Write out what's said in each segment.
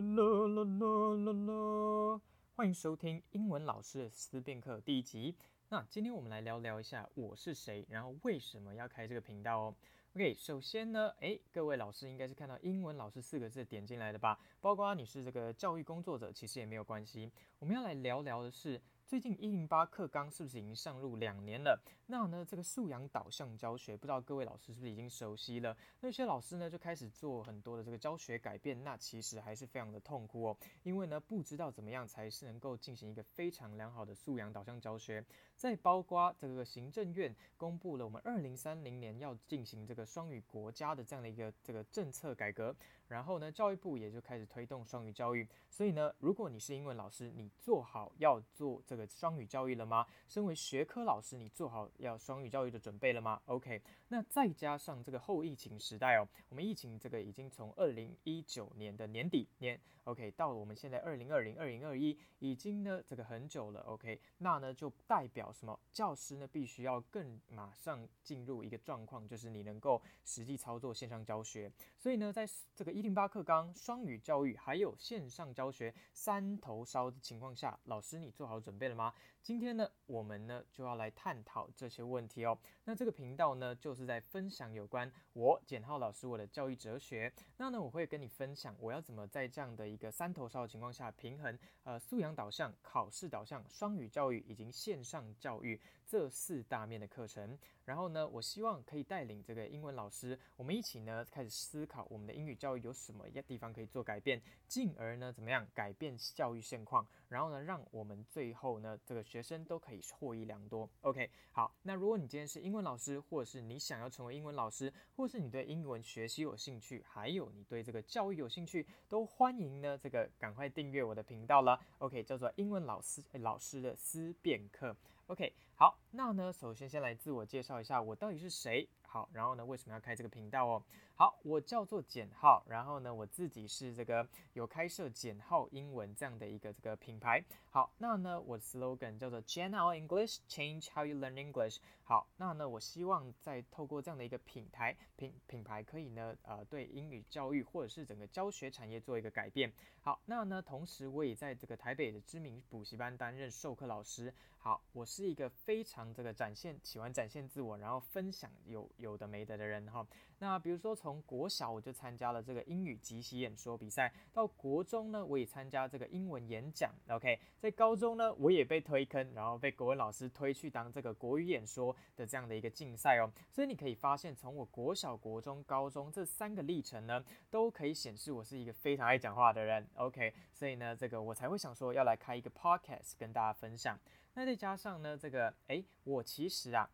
啦啦啦啦啦啦！歡迎收聽英文老師的思辨課第一集。那今天我們來聊聊一下我是誰，然後為什麼要開這個頻道哦。OK，首先呢，誒，各位老師應該是看到“英文老師”四個字點進來的吧？包括你是這個教育工作者，其實也沒有關係。我們要來聊聊的是。最近一零八課綱是不是已經上路兩年了？那呢，這個素養導向教學，不知道各位老師是不是已經熟悉了？那些老師呢，就開始做很多的這個教學改變，那其實還是非常的痛苦哦，因為呢，不知道怎麼樣才是能夠進行一個非常良好的素養導向教學。再包括這個行政院公布了我們二零三零年要進行這個雙語國家的這樣的一個這個政策改革。然後呢，教育部也就開始推動雙語教育。所以呢，如果你是英文老師，你做好要做這個雙語教育了嗎？身為學科老師，你做好要雙語教育的準備了嗎？OK，那再加上這個後疫情時代哦，我們疫情這個已經從二零一九年的年底年，OK，到我們現在二零二零、二零二一，已經呢這個很久了，OK，那呢就代表什麼？教師呢必須要更馬上進入一個狀況，就是你能夠實際操作線上教學。所以呢，在這個。一零八課綱、雙語教育還有線上教學三頭燒的情況下，老師你做好準備了嗎？今天呢，我們呢就要來探討這些問題哦。那這個頻道呢，就是在分享有關我簡浩老師我的教育哲學。那呢，我會跟你分享我要怎麼在這樣的一個三頭燒的情況下平衡呃素養導向、考試導向、雙語教育以及線上教育這四大面的課程。然後呢，我希望可以帶領這個英文老師，我們一起呢開始思考我們的英語教育，有什麼一個地方可以做改變，進而呢，怎麼樣改變教育現況，然後呢，讓我們最後呢，這個學生都可以獲益良多。OK，好，那如果你今天是英文老師，或者是你想要成為英文老師，或是你對英文學習有興趣，還有你對這個教育有興趣，都歡迎呢，這個趕快訂閱我的頻道了。OK，叫做英文老師、欸、老師的思辨課。OK，好，那呢，首先先來自我介紹一下，我到底是誰。好，然後呢，為什麼要開這個頻道哦？好，我叫做簡浩，然後呢，我自己是這個有開設簡浩英文這樣的一個這個品牌。好，那呢，我的 slogan 叫做 Chienhao English, Change How You Learn English”。好，那呢，我希望再透過這樣的一個品牌品品牌，可以呢，呃，對英語教育或者是整個教學產業做一個改變。好，那呢，同時我也在這個臺北的知名補習班擔任授課老師。好，我是一個非常這個展現喜歡展現自我，然後分享有有的沒的的人哈、哦。那比如說，從國小我就參加了這個英語即席演說比賽，到國中呢，我也參加這個英文演講。OK，在高中呢，我也被推坑，然後被國文老師推去當這個國語演說的這樣的一個競賽哦。所以你可以發現，從我國小、國中、高中這三個歷程呢，都可以顯示我是一個非常愛講話的人。OK，所以呢，這個我才會想說要來開一個 podcast 跟大家分享。那再加上呢，這個誒，我其實啊，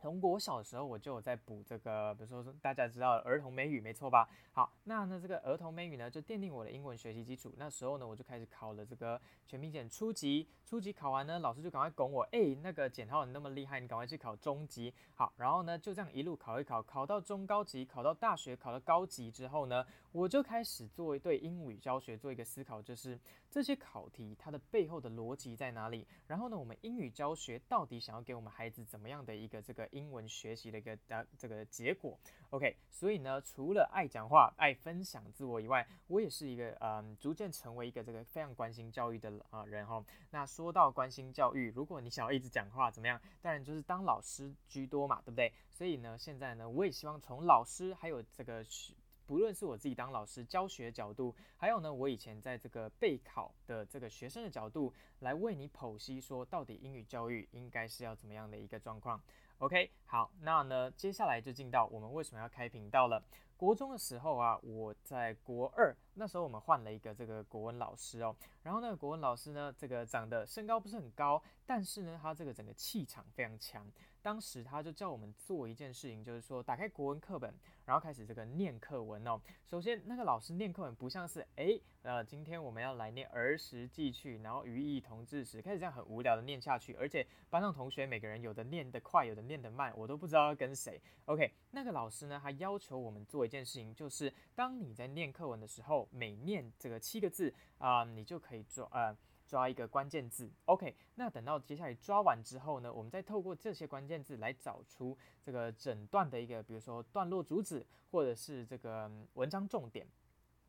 從我小的時候我就有在補這個，比如說大家知道的兒童美語，沒錯吧？好，那呢這個兒童美語呢就奠定我的英文學習基礎。那時候呢我就開始考了這個全民檢初級，初級考完呢，老師就趕快拱我，誒，那個簡浩你那麼厲害，你趕快去考中級。好，然後呢就這樣一路考一考，考到中高級，考到大學，考到高級之後呢。我就開始做對英語教學做一個思考，就是這些考題它的背後的邏輯在哪裡？然後呢，我們英語教學到底想要給我們孩子怎麼樣的一個這個英文學習的一個這個結果？OK，所以呢，除了愛講話、愛分享自我以外，我也是一個嗯，逐漸成為一個這個非常關心教育的啊、呃、人哈。那說到關心教育，如果你想要一直講話怎麼樣？當然就是當老師居多嘛，對不對？所以呢，現在呢，我也希望從老師還有這個學。無論是我自己當老師教學的角度，還有呢，我以前在這個備考的這個學生的角度來為你剖析，說到底英語教育應該是要怎麼樣的一個狀況。OK，好，那呢，接下來就進到我們為什麼要開頻道了。國中的時候啊，我在國二。那時候我們換了一個這個國文老師哦，然後那個國文老師呢，這個長得身高不是很高，但是呢，他這個整個氣場非常強。當時他就叫我們做一件事情，就是說打開國文課本，然後開始這個念課文哦。首先那個老師念課文不像是哎、欸，呃，今天我們要來念兒時記趣，然後余憶童稚時，開始這樣很無聊的念下去，而且班上同學每個人有的念得快，有的念得慢，我都不知道要跟誰。OK，那個老師呢，他要求我們做一件事情，就是當你在念課文的時候。每面這個七個字啊、嗯，你就可以抓啊、呃，抓一個關鍵字。OK，那等到接下來抓完之後呢，我們再透過這些關鍵字來找出這個整段的一個，比如說段落主旨或者是這個文章重點。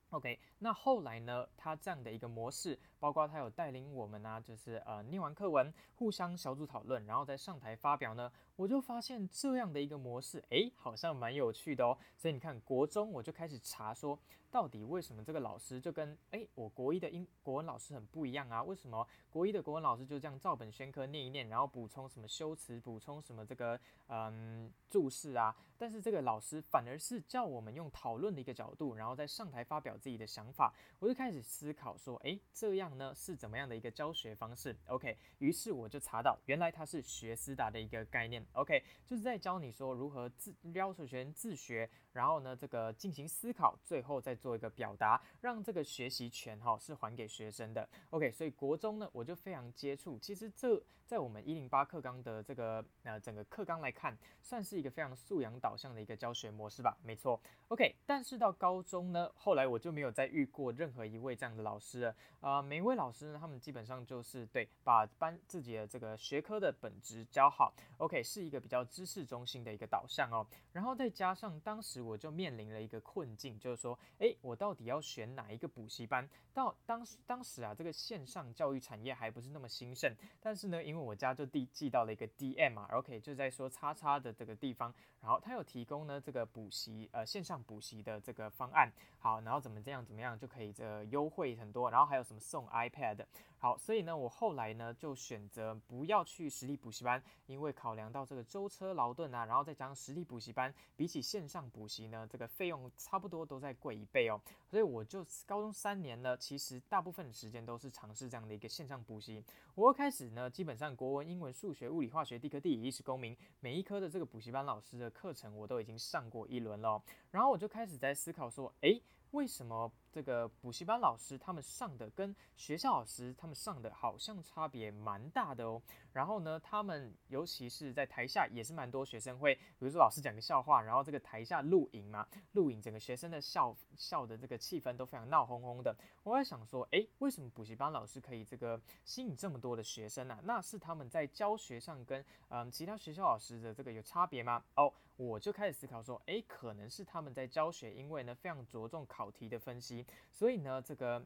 OK，那後來呢，它這樣的一個模式。包括他有帶領我們呢、啊，就是呃念完課文，互相小組討論，然後再上台發表呢。我就發現這樣的一個模式，誒、欸、好像蠻有趣的哦、喔。所以你看，國中我就開始查說，說到底為什麼這個老師就跟誒、欸、我國一的英國文老師很不一樣啊？為什麼國一的國文老師就這樣照本宣科念一念，然後補充什麼修辭，補充什麼這個嗯注釋啊？但是這個老師反而是叫我們用討論的一個角度，然後再上台發表自己的想法。我就開始思考說，誒、欸、這樣。呢是怎麼樣的一個教學方式？OK，於是我就查到，原來它是學思達的一個概念，OK，就是在教你說如何自，教學生自學。然後呢，這個進行思考，最後再做一個表達，讓這個學習權哈、哦、是還給學生的。OK，所以國中呢，我就非常接觸。其實這在我們一零八課綱的這個呃整個課綱來看，算是一個非常素養導向的一個教學模式吧。沒錯。OK，但是到高中呢，後來我就沒有再遇過任何一位這樣的老師了。啊、呃，每一位老師呢，他們基本上就是對，把班自己的這個學科的本質教好。OK，是一個比較知識中心的一個導向哦。然後再加上當時。我就面臨了一個困境，就是說，哎，我到底要選哪一個補習班？到當當時啊，這個線上教育產業還不是那麼興盛，但是呢，因為我家就遞寄到了一個 DM 嘛，啊，OK，就在說叉叉的這個地方，然後他有提供呢這個補習呃線上補習的這個方案，好，然後怎麼這樣怎麼樣就可以這優惠很多，然後還有什麼送 iPad，好，所以呢，我後來呢就選擇不要去實體補習班，因為考量到這個舟車勞頓啊，然後再加上實體補習班比起線上補習。習呢，這個費用，差不多都在貴一倍哦，所以我就高中三年呢，其實大部分的時間都是嘗試這樣的一個線上補習。我開始呢，基本上國文、英文、數學、物理、化學、地科、地理、歷史、公民，每一科的這個補習班老師的課程，我都已經上過一輪了哦。然後我就開始在思考說，誒，為什麼？這個補習班老師他們上的跟學校老師他們上的好像差別蠻大的哦。然後呢，他們尤其是在台下也是蠻多學生會，比如說老師講個笑話，然後這個台下錄影嘛，錄影整個學生的笑笑的這個氣氛都非常鬧哄哄的。我在想說，哎，為什麼補習班老師可以這個吸引這麼多的學生呢、啊？那是他們在教學上跟嗯、呃、其他學校老師的這個有差別嗎？哦，我就開始思考說，哎，可能是他們在教學，因為呢非常着重考題的分析。所以呢，這個。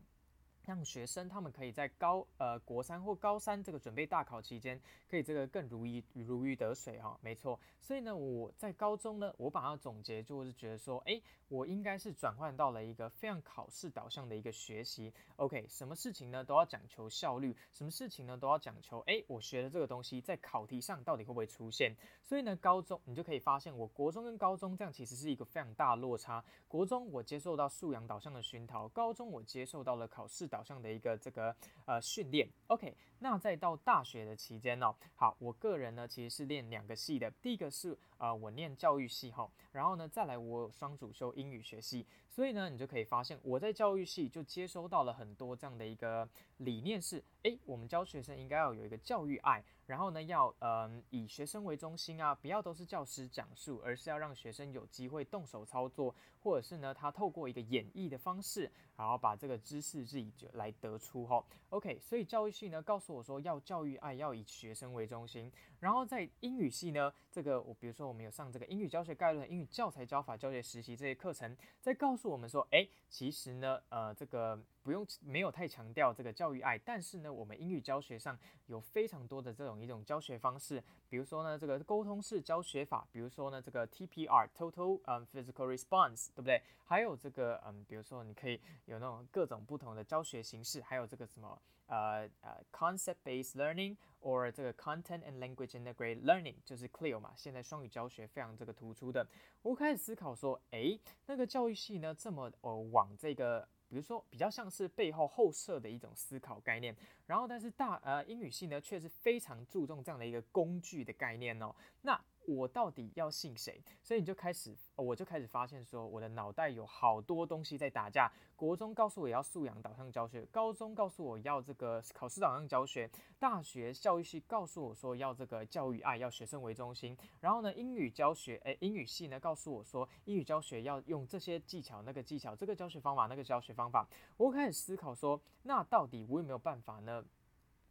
讓學生他們可以在高、呃國三或高三這個準備大考期間，可以這個更如魚如魚得水哈、哦，沒錯。所以呢，我在高中呢，我把它總結就是覺得說，誒、欸，我應該是轉換到了一個非常考試導向的一個學習。OK，什麼事情呢都要講求效率，什麼事情呢都要講求，誒、欸，我學的這個東西在考題上到底會不會出現？所以呢，高中你就可以發現，我國中跟高中這樣其實是一個非常大的落差。國中我接受到素養導向的熏陶，高中我接受到了考試導。導向的一個這個呃訓練，OK，那再到大學的期間呢、哦，好，我個人呢其實是念兩個系的，第一個是呃我念教育系哈、哦，然後呢再來我雙主修英語學系，所以呢你就可以發現我在教育系就接收到了很多這樣的一個理念是，誒，我們教學生應該要有一個教育愛，然後呢要嗯、呃、以學生為中心啊，不要都是教師講述，而是要讓學生有機會動手操作，或者是呢他透過一個演繹的方式。然後把這個知識自己就來得出哈、哦、OK，所以教育系呢告訴我說要教育愛，要以學生為中心，然後在英語系呢這個我比如說我們有上這個英語教學概論、英語教材教法、教學實習這些課程，再告訴我們說哎、欸、其實呢呃這個。不用沒有太強調這個教育愛，但是呢，我們英語教學上有非常多的這種一種教學方式，比如說呢，這個溝通式教學法，比如說呢，這個 TPR Total 嗯、um, Physical Response，對不對？還有這個嗯，比如說你可以有那種各種不同的教學形式，還有這個什麼呃呃、uh, Concept Based Learning 或者這個 Content and Language Integrated Learning，就是 CLIL 嘛，現在雙語教學非常這個突出的。我開始思考說，誒，那個教育系呢，這麼呃、哦、往這個。比如說，比較像是背後後設的一種思考概念，然後但是大，呃，英語系呢，卻是非常注重這樣的一個工具的概念哦。那。我到底要信誰？所以你就開始，我就開始發現說，我的腦袋有好多東西在打架。國中告訴我要素養導向教學，高中告訴我要這個考試導向教學，大學教育系告訴我說要這個教育愛，要學生為中心。然後呢，英語教學，誒、欸，英語系呢告訴我說英語教學要用這些技巧，那個技巧，這個教學方法，那個教學方法。我開始思考說，那到底我有沒有辦法呢？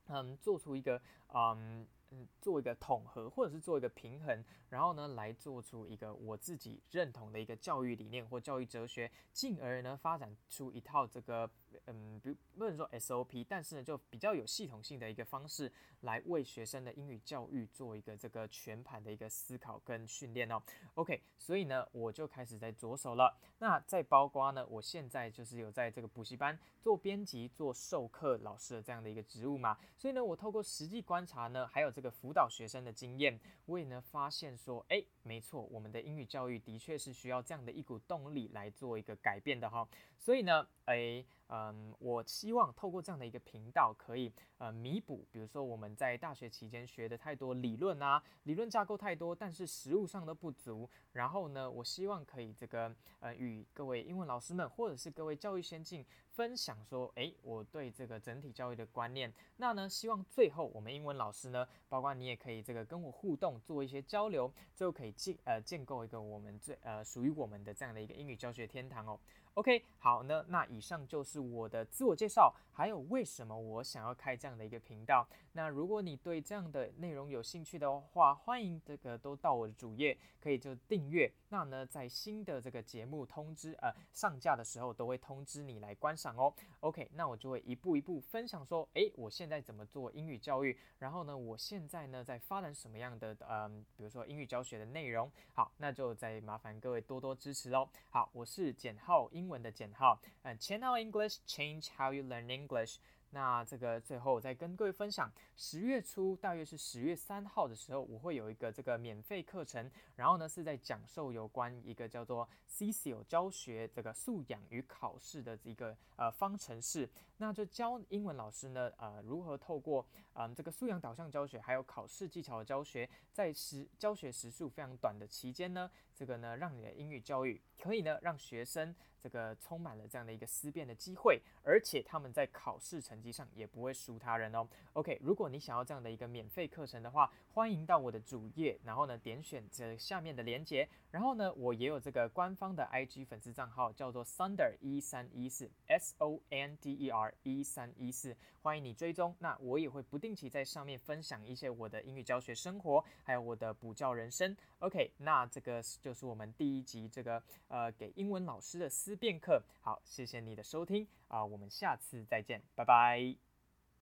嗯，做出一個嗯。嗯，做一個統合或者是做一個平衡，然後呢，來做出一個我自己認同的一個教育理念或教育哲學，進而呢，發展出一套這個，嗯，比如說 SOP，但是呢，就比較有系統性的一個方式，來為學生的英語教育做一個這個全盤的一個思考跟訓練哦。OK，所以呢，我就開始在着手了。那再包括呢，我現在就是有在這個補習班做編輯、做授課老師的這樣的一個職務嘛，所以呢，我透過實際觀察呢，還有。這個輔導學生的經驗，我也呢發現說，哎、欸。沒錯，我們的英語教育的確是需要這樣的一股動力來做一個改變的哈。所以呢，哎，嗯，我希望透過這樣的一個頻道，可以呃彌補，比如說我們在大學期間學的太多理論啊，理論架構太多，但是實務上的不足。然後呢，我希望可以這個呃與各位英文老師們，或者是各位教育先進分享說，誒，我對這個整體教育的觀念。那呢，希望最後我們英文老師呢，包括你也可以這個跟我互動，做一些交流，最後可以。建呃，建構一個我們最呃，屬於我們的這樣的一個英語教學天堂哦。OK，好呢，那以上就是我的自我介紹，還有為什麼我想要開這樣的一個頻道。那如果你對這樣的內容有興趣的話，歡迎這個都到我的主頁，可以就訂閱。那呢，在新的這個節目通知呃上架的時候，都會通知你來觀賞哦。OK，那我就會一步一步分享說，誒，我現在怎麼做英語教育，然後呢，我現在呢在發展什麼樣的嗯、呃，比如說英語教學的內容。好，那就再麻煩各位多多支持哦。好，我是簡浩英。英文的簡浩，嗯、uh,，Chien Hao English change how you learn English。那這個最後我再跟各位分享，十月初大約是十月三號的時候，我會有一個這個免費課程，然後呢是在講授有關一個叫做 CESIL 教學這個素養與考試的這個呃方程式。那就教英文老師呢，呃，如何透過啊、嗯、這個素養導向教學，還有考試技巧的教學，在時教學時數非常短的期間呢，這個呢，讓你的英語教育可以呢，讓學生這個充滿了這樣的一個思辨的機會，而且他們在考試成績上也不會輸他人哦。OK，如果你想要這樣的一個免費課程的話，歡迎到我的主頁，然後呢點選這下面的鏈接，然後呢我也有這個官方的 IG 粉絲賬號，叫做 Sonder 一三一四 S O N D E R。一三一四，歡迎你追蹤。那我也會不定期在上面分享一些我的英語教學生活，還有我的補教人生。OK，那這個就是我們第一集這個呃給英文老師的思辨課。好，謝謝你的收聽啊，我們下次再見，拜拜。